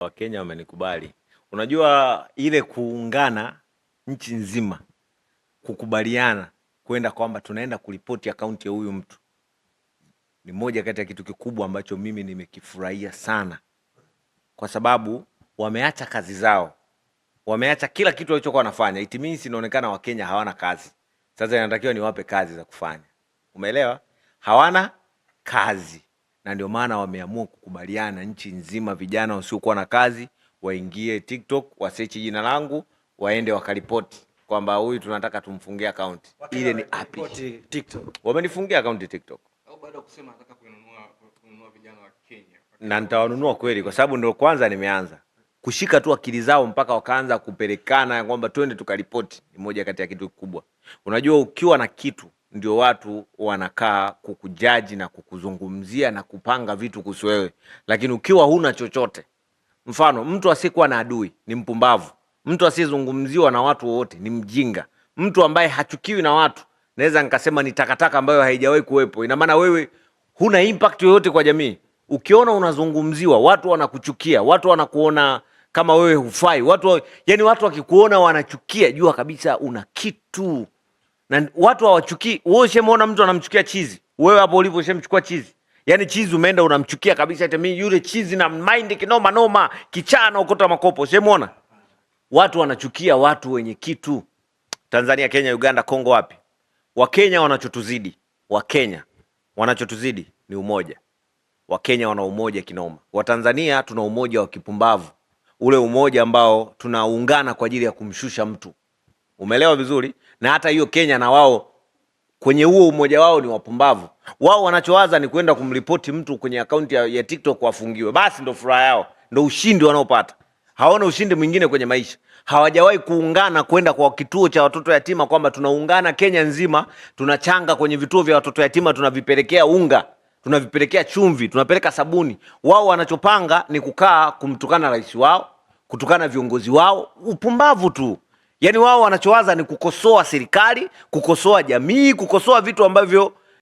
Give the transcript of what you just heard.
Wakenya wamenikubali. Unajua ile kuungana nchi nzima kukubaliana kwenda kwamba tunaenda kuripoti akaunti ya huyu mtu ni moja kati ya kitu kikubwa ambacho mimi nimekifurahia sana, kwa sababu wameacha kazi zao, wameacha kila kitu walichokuwa wanafanya. It means inaonekana Wakenya hawana kazi. Sasa inatakiwa niwape kazi za kufanya, umeelewa? Hawana kazi na ndio maana wameamua kukubaliana nchi nzima, vijana wasiokuwa na kazi waingie TikTok, wasechi jina langu, waende wakaripoti kwamba huyu tunataka tumfungie akaunti. Ile ni app TikTok, wamenifungia akaunti TikTok na nitawanunua kweli, kwa sababu ndio kwanza nimeanza kushika tu akili zao mpaka wakaanza kupelekana kwamba twende tukaripoti. Ni moja kati ya kitu kikubwa Unajua, ukiwa na kitu ndio watu wanakaa kukujaji na kukuzungumzia na kupanga vitu kuhusu wewe, lakini ukiwa huna chochote. Mfano, mtu asiyekuwa na adui ni mpumbavu, mtu asiyezungumziwa na watu wowote ni mjinga, mtu ambaye hachukiwi na watu naweza nikasema ni takataka ambayo haijawahi kuwepo. inamaana wewe huna impact yoyote kwa jamii. Ukiona unazungumziwa, watu wanakuchukia, watu wanakuona kama wewe hufai, watu yani, watu wakikuona wanachukia, jua kabisa una kitu na watu hawachukii. wa Wewe ushemuona mtu anamchukia chizi, wewe hapo ulipo ushamchukua chizi. Yaani chizi umeenda unamchukia kabisa, hata mimi yule chizi na mind kinoma noma, kichaa na ukota makopo. Ushemuona watu wanachukia watu wenye kitu. Tanzania, Kenya, Uganda, Kongo, wapi? Wakenya wanachotuzidi, Wakenya wanachotuzidi ni umoja. Wakenya wana umoja kinoma, Watanzania tuna umoja wa kipumbavu, ule umoja ambao tunaungana kwa ajili ya kumshusha mtu. Umeelewa vizuri? Na hata hiyo Kenya na wao kwenye huo umoja wao ni wapumbavu. Wao wanachowaza ni kwenda kumripoti mtu kwenye akaunti ya, ya TikTok wafungiwe, basi ndo furaha yao, ndo ushindi wanaopata. Hawana ushindi mwingine kwenye maisha. Hawajawahi kuungana kwenda kwa kituo cha watoto yatima, kwamba tunaungana Kenya nzima, tunachanga kwenye vituo vya watoto yatima, tunavipelekea unga, tunavipelekea chumvi, tunapeleka sabuni. Wao wanachopanga ni kukaa kumtukana rais wao, kutukana viongozi wao, upumbavu tu. Yaani wao wanachowaza ni kukosoa serikali, kukosoa jamii, kukosoa vitu ambavyo